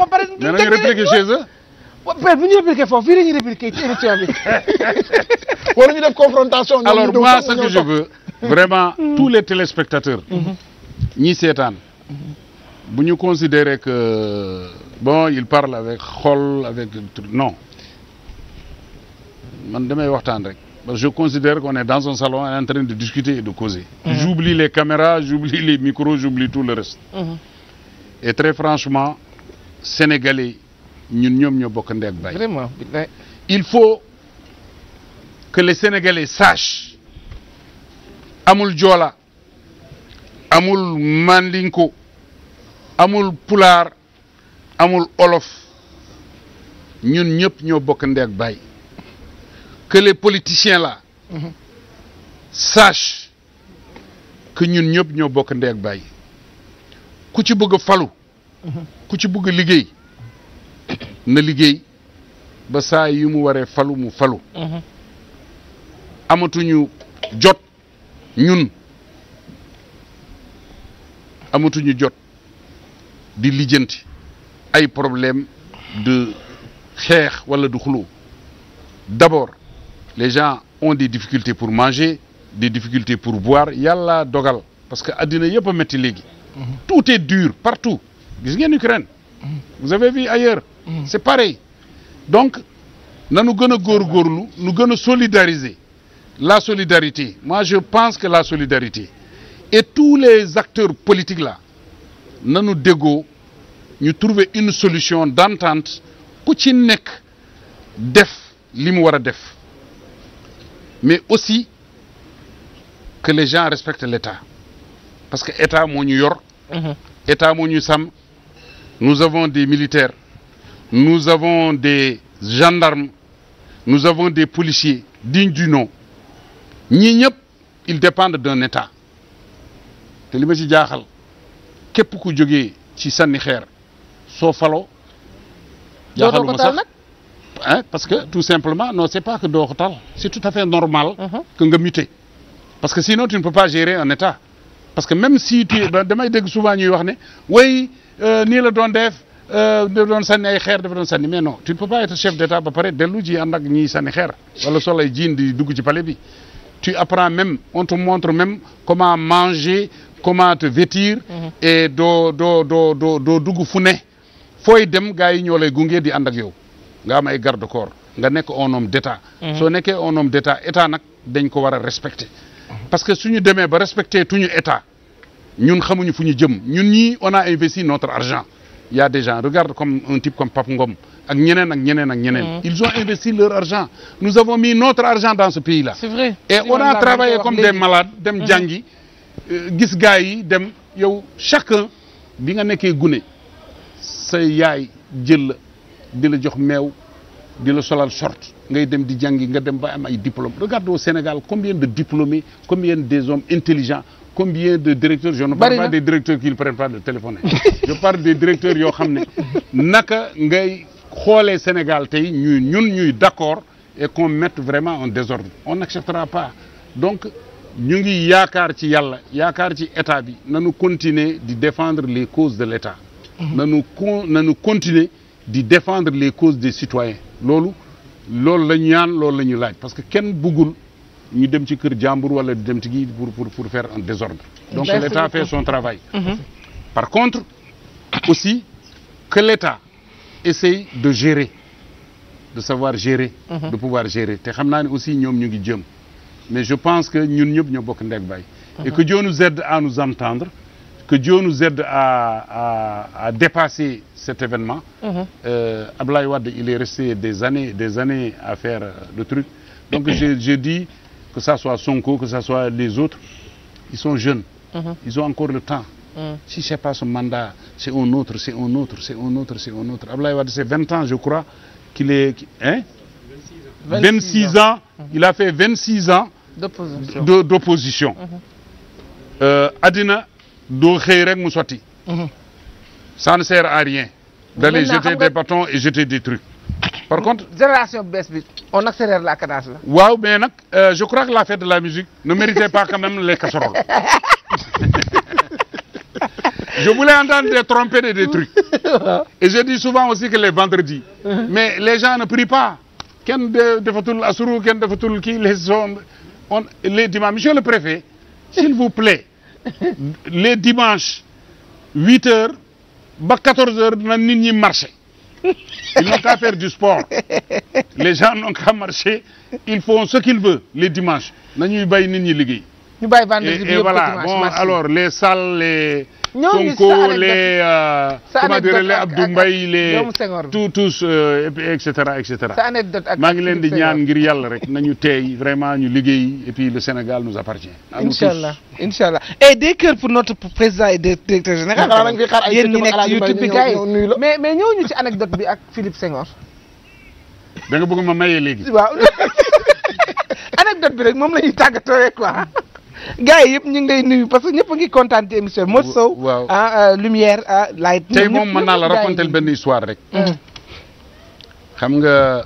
ko pare. ñu teg ñu répliqué chez eux. bu ñu répliqué foofu fii la répliqué ci émission bi. wala ñu alors moi ce que je veux vraiment hmm. tous les téléspectateurs. Hmm. ñi seetaan. bu ñu considérer que bon il parle avec xol avec non man damay waxtaan rek parce que je considère qu'on est dans un salon en train de discuter et de causer hmm. j'oublie les caméras j'oublie les micros j'oublie tout le reste et très franchement sénégalais ñun ñoom ñoo bokk ndeg bay vraiment il faut que les sénégalais amul joola amul mandinko amul pulaar amul olof ñun ñëpp ñoo bokk ndeg bay que les la là mhm. sachent ñun ñëpp ñoo bokk ndeg bay ku ci bëgg a falu mhm. ku ci bugg liggéey na liggéey ba saa yu mu waree falu mu falu mhm. amatuñu jot ñun amatuñu jot di lijjanti ay problème de xeex wala du xuloo d'abord les gens ont des difficultés pour manger des difficultés pour boire yàlla dogal parce que addina yëpp a métti léegi mhm. tout est dur partout gis ngeen Ukraine. vous avez vu ailleurs. Mm. c' est pareil donc nanu gën a lu nu gën a solidariser la solidarité moi je pense que la solidarité et tous les acteurs politiques là nanu déggoo ñu trouver une solution d' entente ku ci nekk def li mu war a def mais aussi que les gens respectent l' parce que État moo ñu yor. Mm-hmm. État moo ñu sàmm. nous avons des militaires, nous avons des gendarmes, nous avons des policiers dignes du nom ñii ñëpp ils dépendent d'un état te ma ci jaaxal képp ku jógee ci sànni xeer soo faloo. jaaxaluma sax ah parce que tout simplement non c'est pas que doo ko tal c'est tout à fait normal. Mhm. que nga muté parce que sinon tu ne peux pas gérer un état parce que même si tu damay dégg souvent ñuy wax ne Euh, nii la doon def euh, da doon sànni ay xeer dafa doon sànni mais no tu ne peux pas être chef d'état ba pare dellu ji ànd ak ñiy xeer wala soo lay jiin di dugg ci palais bi tu apprends même on te montre même comment manger comment te vêtir mhm. et doo doo doo doo doo dugg fu ne fooy dem gars yi ñoo lay gunge di ànd ak yow nga am ay garde corps nga nekk on homme d'état mhm. soo nekkee un homme d'état état nag dañ ko war a respecter mhm. parce que suñu demee ba respecter tuñu état ñun xamuñu fu ñu jëm ñun ñii on a investi notre argent ya y a des gens regarde comme un type comme Ngom ak ñeneen ak ñeneen ak ñeneen. Mm. ils ont investi leur argent nous avons mis notre argent dans ce pays là. c'est vrai et comme des malades dem mm-hmm. jàngi euh, gis gars yi dem yow chacun bi nga nekkee gune sa yaay jël la di la jox meew di la solal short ngay dem di jàngi nga dem ba am ay diplôme regarde au Sénégal combien de diplômés combien des hommes intelligents. combien de directeur je ne parle pas des directeurs qui ne prennent de téléphone je parle des directeurs yoo xam ne naka ngay xoolee Sénégal tey ñu ñun ñuy d'accord et qu'on mette vraiment en désordre on n'acceptera pas donc ñu ngi yaakaar ci yàlla yaakaar ci état bi nañu continuer di défendre les causes de l'état mhm. nañu con nañu continuer di défendre les causes des citoyens loolu loolu la ñu ñaan loolu la ñu laaj parce que kenn bëggul ñu dem ci kër jàmbur wala di dem ci kii pour pour pour faire un désordre donc l'État fait son travail mhm. par contre aussi que l'État essaye de gérer de savoir gérer mhm. de pouvoir gérer te xam naa ne aussi ñoom ñu ngi jëm mais je pense que ñun ñëpp ñoo bokk ndeg bay mhm. et que Dieu nous aide à nous entendre que Dieu nous aide à à à dépasser cet événement. Euh, Abdoulaye Wade il est resté des années des années à faire euh, le truc. Donc je je que ça soit Sonko, que ça soit les autres, ils sont jeunes. Mhm. Ils ont encore le temps. Mm. Si ce n'est pas ce mandat, c'est un autre, c'est un autre, c'est un autre, c'est un autre. Ablaï Wade, c'est 20 ans, je crois, qu'il est... Hein? ans. Mhm. Il a fait ans d'opposition. Mhm. Euh, Adina, do Ça ne sert à rien d'aller jeter des bâtons et jeter des trucs. par contre génération bees bi on accélère la cadence là. waaw mais nag euh, je crois que la fête de la musique ne méritait pas quand même les casseroles je voulais entendre des trompettes et des trucs et je dis souvent aussi que les vendredis uh-huh. mais les gens ne prient pas kenn defatul asuru kenn defatul kii les zones les dimanches monsieur le préfet s'il vous plaît les dimanches huit heures ba quatorze heures na nit ñi marché Ils n'ont qu'à faire du sport. Les gens n'ont qu'à marcher. Ils font ce qu'ils veulent les dimanches. Nañuy bàyyi nit ñi liggéey. ñu bàyyi et voilà alors les salles les. Sonko les euh, comment dire les Abdou Mbaye les tout tous euh, et cetera et cetera. maa ngi leen di ñaan ngir yàlla rek nañu teey vraiment ñu liggéey et puis le Sénégal nous appartient. à nous tous incha allah incha allah et des cœurs pour notre président et directeur général. yéen ñi nekk ci YouTube bi gars yi mais mais ñëw ñu anecdote bi ak Philippe Senghor. da nga ma maye léegi. anecdote bi rek moom la ñuy tàggatoo rek quoi. gars yi yëpp ñu ngi lay nuyu parce que ñëpp a ngi kontaan ci ah, ah, lumière ah, light. tey moom mën naa la raconter benn histoire rek. Mm. xam nga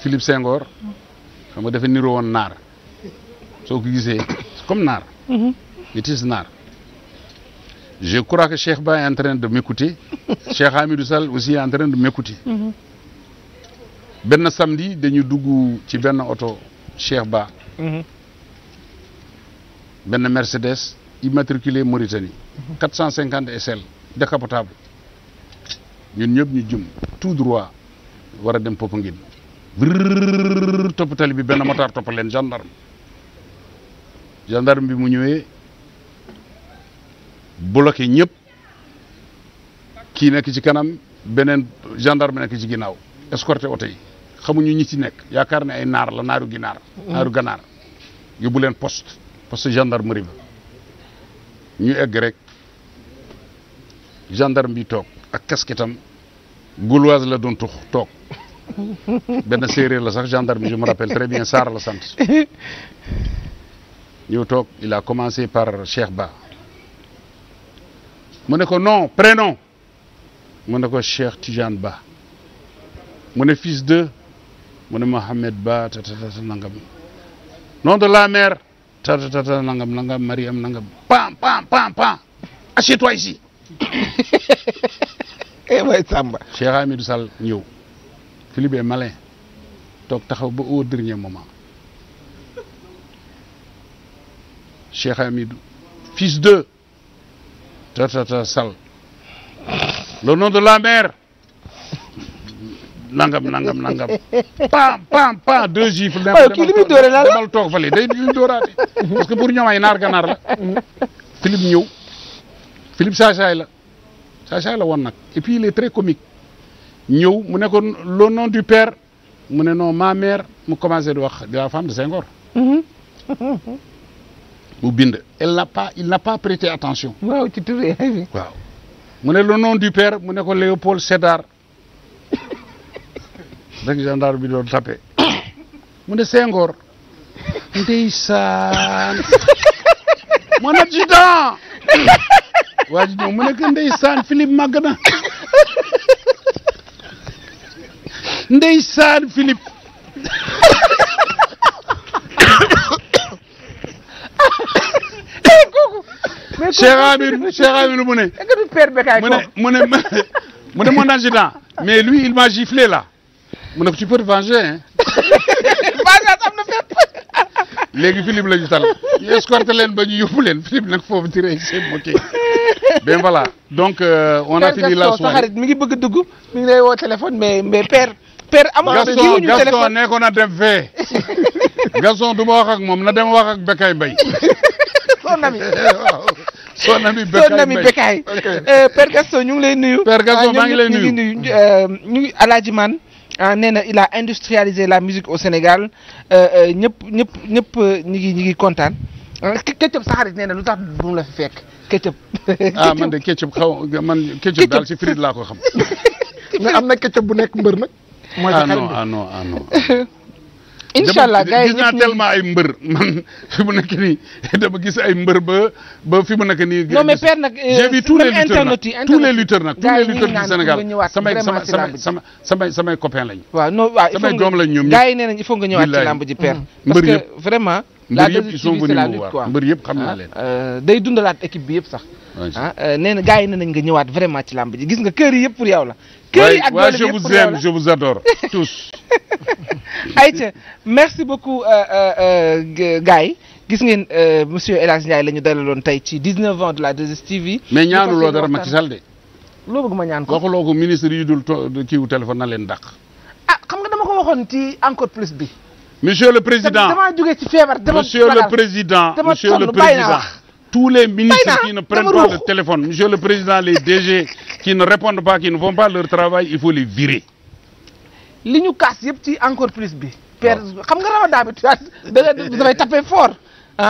Philippe Senghor. xam nga dafa niroo woon naar soo ko gisee comme naar. métis mm-hmm. naar. je crois que Cheikh Ba est en train de m'écouter Cheikh Hamidou Sall aussi est en train de m'écouter mm-hmm. benn samedi dañu dugg ci benn oto Cheikh Ba. Mm-hmm. benn Mercedes immatriculé Mauritanie. 450 SL décapotable ñun ñëpp ñu jëm tout droit war a dem Popenguine topp tali bi benn motaar topp leen gendarme gendarme bi mu ñëwee bloqué ñëpp kii ki ci kanam beneen gendarme nekk ci ginnaaw escorté oto yi xamuñu ñi ci nekk yaakaar ne ay naar la naaru ginaar naaru ganaar yóbbu leen poste parce que gendarmerie ba ñu egg rek gendarme bi toog ak kasketam gauloise la doon toog benn séeréer la sax gendarme je me rappelle très bien Sarr sant ñëw toog il a commencé par Cheikh Ba mu ne ko non prénom mu ne ko Cheikh Tidiane Ba mu ne fils de mu ne Mohamed Ba tatatata nangam nom de la mère tata tata nangam nangam Mariam nangam pam pam pam pam assieds-toi ici. eh waay Samba. Cheikh Hamidou Sall ñëw. Philippe est malin toog taxaw ba au dernier moment Cheikh Hamidou fils de tata Sall le nom de la mère. nangam nangam nangam pan pan pan deux gifles. waaw ah, kii li muy dóoree la demal toog fële day li muy dóoraate parce pour ñoom naar ganaar la. Philippe ñëw Philippe saasaay la saasaay la woon nag et puis il est très comique ñëw mu ne ko le du père mu ne noo ma mère mu commencé di wax de la femme de Senghor. mu bind mu ne le nom du père mu ne ko Léopold Sédar. rek gendarme bi doon tapé mu ne Senghor ndeysaan mon adjudant waa ji ñëw mu ne ko ndeysaan Philippe màgg na ndeysaan Philippe Cheikh Amir Cheikh Amir mu ne mu ne mu ne mon adjudant mais lui il m'a giflé là mu ne ko tu peux te venger hein. vengeance am na fépp. léegi Philippe la ñu tal ñu escorté leen ba ñu yóbbu leen Philippe foofu tiré ak seen mbokk ben voilà donc euh, on a fini la soirée mi ngi bëgg a dugg mi ngi woo téléphone mais mais père. am amul jiwuñu téléphone Gaston Gaston nekkoon na dem fee. Gaston du ma wax moom na dem wax ak Bekay Mbaye. son ami waaw son ami Bekay ñu ngi nuyu. père Gaston maa ngi lay nuyu ñu Alaaji Man ah nee na il a la musique au Sénégal euh, euh, ñëpp ñëpp ñëpp euh, ñi ngi ñi ngi kontaan Ketchup sa xarit na lu tax du mu la fi fekk Ketchup. ah man de Ketchup xaw man laa ko xam. mais am na Ketchup bu nekk mbër nag. Ah, mooy sa xarit incha allah gars yi gis naa tellement ay mbër fi mu nekk nii dama gis ay mbër ba ba fi mu nekk nii. non mais père nag j'ai euh, vu tous les lutteurs nag tous les lutteurs nag tous les lutteurs du Sénégal samay samay samay samay samay copains waaw non waaw samay doom lañ ñoom ñëpp gars yi nee nañ il faut nga ñëwaat ci lamb ji mm-hmm. parce que vraiment. la mbër yëpp ils xam naa ah, euh, day dundalaat équipe bi yëpp sax. ah euh, nee na gars yi nañ nga ñëwaat vraiment ci lamb ji gis nga kër yëpp pour yow la. kër yi ak doole je vous aime tous ayca merci beaucoup euh, euh, euh, gars yi gis ngeen monsieur El Hadj Ndiaye la ñu dalaloon tey ci 19 ans de la 2STV. mais ñaan loo dara Macky Sall de. loo bëgg ma ñaan ko waxuloo ko ministre yu dul kiiwu téléphone na leen dàq. ah xam nga dama ko waxoon ci encore plus bi. monsieur le président dama jógee ci feebar dama monsieur le président monsieur le tous les ministres qui ne prennent pas le téléphone monsieur le président les DG qui ne répondent pas qui ne font pas leur travail li ñu kaas yëpp ci encore plus bi. waaw père xam nga ramadan bi tu as da ngay dafay